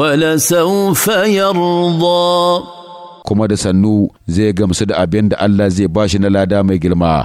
ولسوف يرضى kuma da sannu zai gamsu da abin da Allah zai bashi na lada mai girma